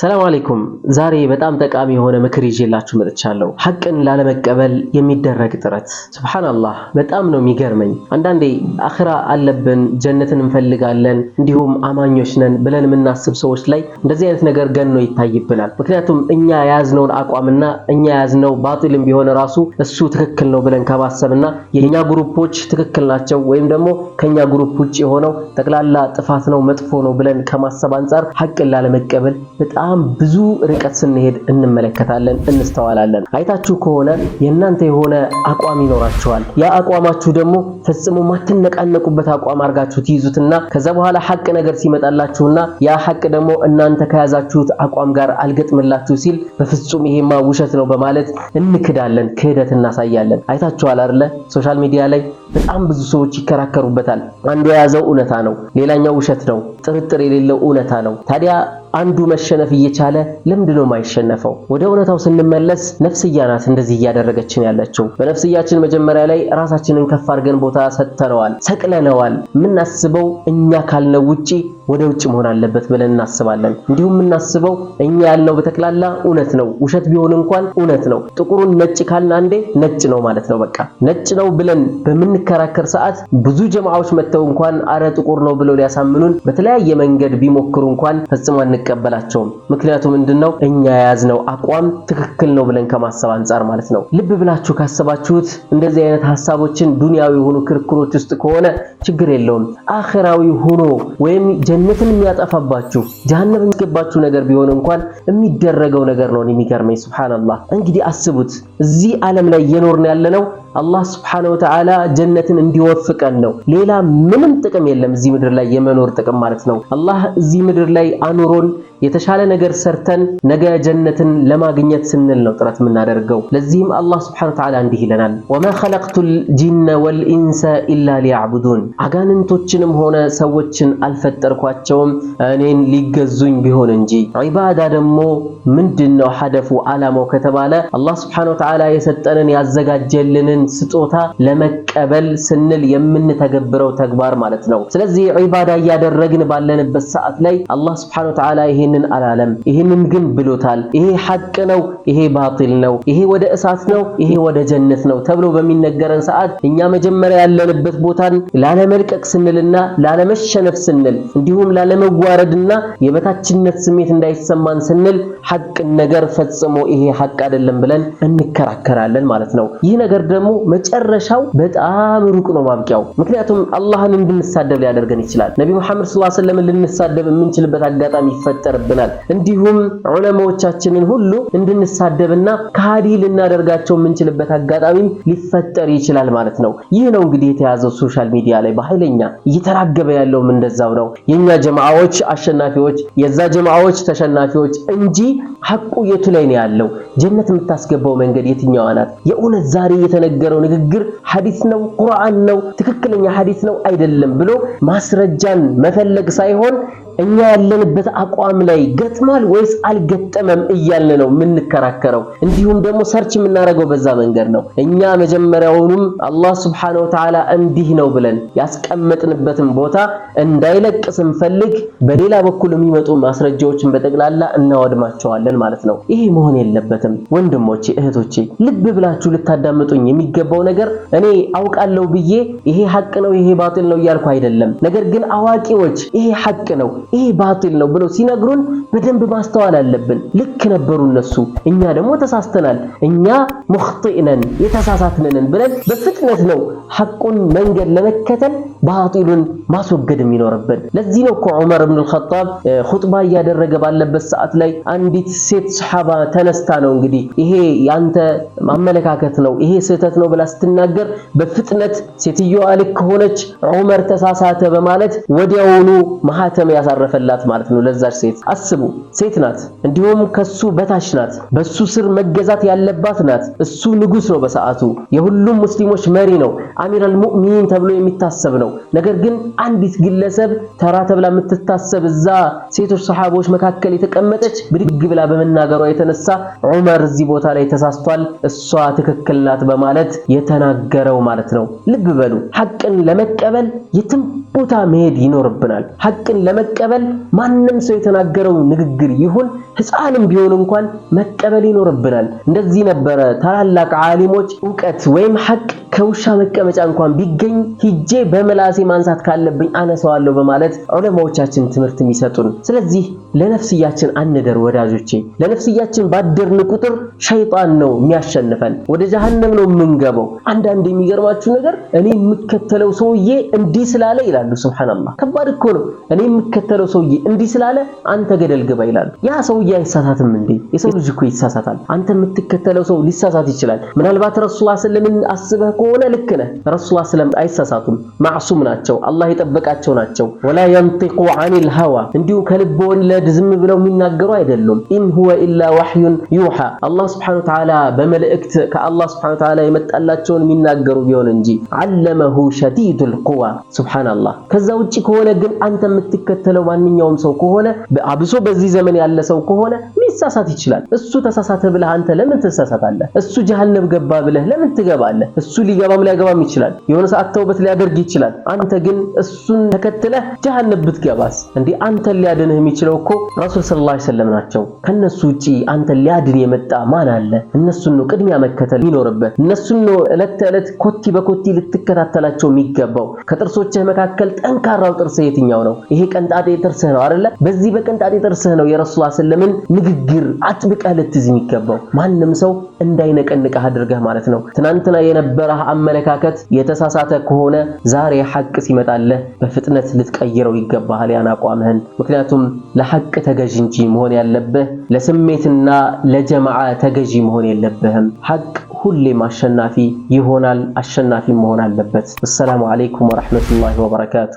ሰላም አለይኩም። ዛሬ በጣም ጠቃሚ የሆነ ምክር ይዤላችሁ መጥቻለሁ። ሐቅን ላለመቀበል የሚደረግ ጥረት። ሱብሃንአላህ በጣም ነው የሚገርመኝ። አንዳንዴ አኽራ አለብን፣ ጀነትን እንፈልጋለን፣ እንዲሁም አማኞች ነን ብለን የምናስብ ሰዎች ላይ እንደዚህ አይነት ነገር ገኖ ይታይብናል። ምክንያቱም እኛ የያዝነውን አቋምና እኛ የያዝነው ባጢልም ቢሆን ራሱ እሱ ትክክል ነው ብለን ከማሰብና የኛ ግሩፖች ትክክል ናቸው ወይም ደግሞ ከኛ ግሩፕ ውጭ የሆነው ጠቅላላ ጥፋት ነው መጥፎ ነው ብለን ከማሰብ አንጻር ሐቅን ላለመቀበል በጣም በጣም ብዙ ርቀት ስንሄድ እንመለከታለን፣ እንስተዋላለን። አይታችሁ ከሆነ የእናንተ የሆነ አቋም ይኖራችኋል። ያ አቋማችሁ ደግሞ ፈጽሞ ማትነቃነቁበት አቋም አድርጋችሁ ትይዙትና ከዛ በኋላ ሀቅ ነገር ሲመጣላችሁና ያ ሀቅ ደግሞ እናንተ ከያዛችሁት አቋም ጋር አልገጥምላችሁ ሲል በፍጹም ይሄማ ውሸት ነው በማለት እንክዳለን፣ ክህደት እናሳያለን። አይታችኋል አይደለ ሶሻል ሚዲያ ላይ በጣም ብዙ ሰዎች ይከራከሩበታል። አንዱ የያዘው እውነታ ነው፣ ሌላኛው ውሸት ነው፣ ጥርጥር የሌለው እውነታ ነው። ታዲያ አንዱ መሸነፍ እየቻለ ለምንድን ነው የማይሸነፈው? ወደ እውነታው ስንመለስ ነፍስያ ናት እንደዚህ እያደረገችን ያለችው። በነፍስያችን መጀመሪያ ላይ ራሳችንን ከፍ አድርገን ቦታ ሰጥተነዋል፣ ሰቅለነዋል። የምናስበው እኛ ካልነው ውጪ ወደ ውጭ መሆን አለበት ብለን እናስባለን። እንዲሁም የምናስበው እኛ ያልነው በተክላላ እውነት ነው፣ ውሸት ቢሆን እንኳን እውነት ነው። ጥቁሩን ነጭ ካልን አንዴ ነጭ ነው ማለት ነው። በቃ ነጭ ነው ብለን በምንከራከር ሰዓት ብዙ ጀማዓዎች መጥተው እንኳን አረ ጥቁር ነው ብለው ሊያሳምኑን በተለያየ መንገድ ቢሞክሩ እንኳን ፈጽሞ አንቀበላቸውም። ምክንያቱም ምንድነው እኛ የያዝነው አቋም ትክክል ነው ብለን ከማሰብ አንጻር ማለት ነው። ልብ ብላችሁ ካሰባችሁት እንደዚህ አይነት ሀሳቦችን ዱንያዊ የሆኑ ክርክሮች ውስጥ ከሆነ ችግር የለውም። አኺራዊ ሆኖ ወይም ጀነትን የሚያጠፋባችሁ ጀሃነም የሚገባችሁ ነገር ቢሆን እንኳን የሚደረገው ነገር ነው የሚገርመኝ። ሱብሃንአላህ እንግዲህ አስቡት እዚህ ዓለም ላይ እየኖርን ያለነው አላህ ሱብሓነሁ ወተዓላ ጀነትን እንዲወፍቀን ነው። ሌላ ምንም ጥቅም የለም እዚህ ምድር ላይ የመኖር ጥቅም ማለት ነው። አላህ እዚህ ምድር ላይ አኑሮን የተሻለ ነገር ሰርተን ነገ ጀነትን ለማግኘት ስንል ነው ጥረት የምናደርገው። ለዚህም አላህ ስብሐነሁ ወተዓላ እንዲህ ይለናል፣ ወማ ኸለቅቱል ጂነ ኢንሰ ኢላ ሊያዕቡዱን፣ አጋንንቶችንም ሆነ ሰዎችን አልፈጠርኳቸውም እኔን ሊገዙኝ ቢሆን እንጂ። ዒባዳ ደግሞ ምንድን ነው ሐደፉ ዓላማው ከተባለ አላህ ስብሐነሁ ወተዓላ የሰጠንን ያዘጋጀልንን ስጦታ ለመቀበል ስንል የምንተገብረው ተግባር ማለት ነው። ስለዚህ ዒባዳ እያደረግን ባለንበት ሰዓት ላይ አላህ ስብሐነሁ ወተዓላ ይሄን ይህንን አላለም፣ ይህንን ግን ብሎታል። ይሄ ሐቅ ነው፣ ይሄ ባጢል ነው፣ ይሄ ወደ እሳት ነው፣ ይሄ ወደ ጀነት ነው ተብሎ በሚነገረን ሰዓት እኛ መጀመሪያ ያለንበት ቦታን ላለመልቀቅ ስንልና ላለመሸነፍ ስንል እንዲሁም ላለመዋረድና የበታችነት ስሜት እንዳይሰማን ስንል ሐቅን ነገር ፈጽሞ ይሄ ሐቅ አይደለም ብለን እንከራከራለን ማለት ነው። ይህ ነገር ደግሞ መጨረሻው በጣም ሩቅ ነው ማብቂያው። ምክንያቱም አላህን እንድንሳደብ ሊያደርገን ይችላል። ነቢ መሐመድ ሰለላሁ ዐለይሂ ወሰለም ልንሳደብ የምንችልበት አጋጣሚ ይፈጠር ይኖርብናል። እንዲሁም ዑለማዎቻችንን ሁሉ እንድንሳደብና ከሃዲ ልናደርጋቸው የምንችልበት አጋጣሚም ሊፈጠር ይችላል ማለት ነው። ይህ ነው እንግዲህ የተያዘው ሶሻል ሚዲያ ላይ በኃይለኛ እየተራገበ ያለውም እንደዛው ነው። የኛ ጀማዓዎች አሸናፊዎች፣ የዛ ጀማዓዎች ተሸናፊዎች እንጂ ሐቁ የቱ ላይ ነው ያለው? ጀነት የምታስገባው መንገድ የትኛዋ ናት? የእውነት ዛሬ የተነገረው ንግግር ሐዲስ ነው? ቁርአን ነው? ትክክለኛ ሐዲስ ነው አይደለም ብሎ ማስረጃን መፈለግ ሳይሆን እኛ ያለንበት አቋም ላይ ገጥማል ወይስ አልገጠመም እያልን ነው የምንከራከረው። እንዲሁም ደግሞ ሰርች የምናደርገው በዛ መንገድ ነው። እኛ መጀመሪያውኑም አላህ ሱብሓነሁ ወተዓላ እንዲህ ነው ብለን ያስቀመጥንበትን ቦታ እንዳይለቅ ስንፈልግ በሌላ በኩል የሚመጡ ማስረጃዎችን በጠቅላላ እናወድማቸዋለን ማለት ነው። ይሄ መሆን የለበትም። ወንድሞቼ፣ እህቶቼ ልብ ብላችሁ ልታዳምጡኝ የሚገባው ነገር እኔ አውቃለሁ ብዬ ይሄ ሀቅ ነው ይሄ ባጢል ነው እያልኩ አይደለም። ነገር ግን አዋቂዎች ይሄ ሀቅ ነው ይሄ ባጢል ነው ብለው ሲነግሩን በደንብ ማስተዋል አለብን። ልክ ነበሩ እነሱ፣ እኛ ደግሞ ተሳስተናል። እኛ ሙኽጢእነን የተሳሳትነን ብለን በፍጥነት ነው ሐቁን መንገድ ለመከተል ባጢሉን ማስወገድ የሚኖርብን። ለዚህ ነው እኮ ዑመር ኢብኑል ኸጣብ ኹጥባ እያደረገ ባለበት ሰዓት ላይ አንዲት ሴት ሰሓባ ተነስታ ነው እንግዲህ ይሄ ያንተ አመለካከት ነው ይሄ ስህተት ነው ብላ ስትናገር በፍጥነት ሴትዮዋ ልክ ሆነች፣ ዑመር ተሳሳተ በማለት ወዲያውኑ ማህተም ያሳር አረፈላት ማለት ነው ለዛች ሴት። አስቡ፣ ሴት ናት፣ እንዲሁም ከሱ በታች ናት፣ በሱ ስር መገዛት ያለባት ናት። እሱ ንጉስ ነው በሰዓቱ የሁሉም ሙስሊሞች መሪ ነው፣ አሚራል ሙእሚኒን ተብሎ የሚታሰብ ነው። ነገር ግን አንዲት ግለሰብ ተራ ተብላ የምትታሰብ እዛ ሴቶች ሰሃቦች መካከል የተቀመጠች ብድግ ብላ በመናገሯ የተነሳ ዑመር እዚህ ቦታ ላይ ተሳስቷል፣ እሷ ትክክል ናት በማለት የተናገረው ማለት ነው። ልብ በሉ ሐቅን ለመቀበል የትም ቦታ መሄድ ይኖርብናል። ሐቅን ለመቀበል መቀበል ማንም ሰው የተናገረው ንግግር ይሁን ህፃንም ቢሆን እንኳን መቀበል ይኖርብናል። እንደዚህ ነበረ ታላላቅ ዓሊሞች እውቀት ወይም ሐቅ ከውሻ መቀመጫ እንኳን ቢገኝ ሂጄ በመላሴ ማንሳት ካለብኝ አነሳዋለሁ በማለት ዑለማዎቻችን ትምህርት የሚሰጡን። ስለዚህ ለነፍስያችን አንደር ወዳጆቼ። ለነፍስያችን ባደርን ቁጥር ሸይጣን ነው የሚያሸንፈን፣ ወደ ጀሀነም ነው የምንገባው። አንዳንድ የሚገርማችሁ ነገር እኔ የምከተለው ሰውዬ እንዲህ ስላለ ይላሉ። ሱብሃንአላህ ከባድ እኮ ነው። እኔ የተከተለው ሰውዬ እንዲህ ስላለ አንተ ገደል ግባ ይላሉ። ያ ሰውዬ አይሳሳትም እንዴ? የሰው ልጅ እኮ ይሳሳታል። አንተ የምትከተለው ሰው ሊሳሳት ይችላል። ምናልባት ረሱላ ስለምን አስበህ ከሆነ ልክ ነህ። ረሱላ ስለም አይሳሳቱም፣ ማዕሱም ናቸው፣ አላህ የጠበቃቸው ናቸው። ወላ ينطق አኒል ሀዋ እንዲሁ ከልብ ወለድ ዝም ብለው የሚናገሩ አይደሉም። ኢን ሁወ ኢላ ወህዩን ዩሃ አላህ Subhanahu Wa በመልእክት ከአላህ Subhanahu Wa የመጣላቸውን የሚናገሩ ቢሆን እንጂ አለመሁ ሸዲዱል ቁዋ ሱብሃንአላህ። ከዛ ውጭ ከሆነ ግን አንተ የምትከተለው ያለው ማንኛውም ሰው ከሆነ አብሶ በዚህ ዘመን ያለ ሰው ከሆነ ሊሳሳት ይችላል። እሱ ተሳሳተ ብለህ አንተ ለምን ትሳሳታለህ? እሱ ጀሃነም ገባ ብለህ ለምን ትገባለህ? እሱ ሊገባም ሊያገባም ይችላል። የሆነ ሰዓት ተውበት ሊያደርግ ይችላል። አንተ ግን እሱን ተከትለህ ጀሃነም ብትገባስ? እንዴ አንተ ሊያድንህ የሚችለው እኮ ረሱል ሰለላሁ ዐለይሂ ወሰለም ናቸው። ከነሱ ውጪ አንተ ሊያድን የመጣ ማን አለ? እነሱን ነው ቅድሚያ መከተል የሚኖርበት። እነሱን ነው ዕለት ተዕለት ኮቲ በኮቲ ልትከታተላቸው የሚገባው። ከጥርሶችህ መካከል ጠንካራው ጥርስህ የትኛው ነው? ይሄ ቀንጣጤ ጥርስህ ነው አይደለ? በዚህ በቀንጣጤ ጥርስህ ነው የረሱል ሰለላሁ ዐለይሂ ወሰለምን ንግግር ግር አጥብቀህ ልትይዝ የሚገባው ማንም ሰው እንዳይነቀንቀህ አድርገህ ማለት ነው። ትናንትና የነበረህ አመለካከት የተሳሳተ ከሆነ ዛሬ ሐቅ ሲመጣለህ በፍጥነት ልትቀይረው ይገባሃል ያን አቋምህን። ምክንያቱም ለሐቅ ተገዥ እንጂ መሆን ያለብህ ለስሜትና ለጀማዓ ተገዢ መሆን የለብህም። ሐቅ ሁሌም አሸናፊ ይሆናል፣ አሸናፊ መሆን አለበት። አሰላሙ አለይኩም ወራህመቱላሂ ወበረካቱ።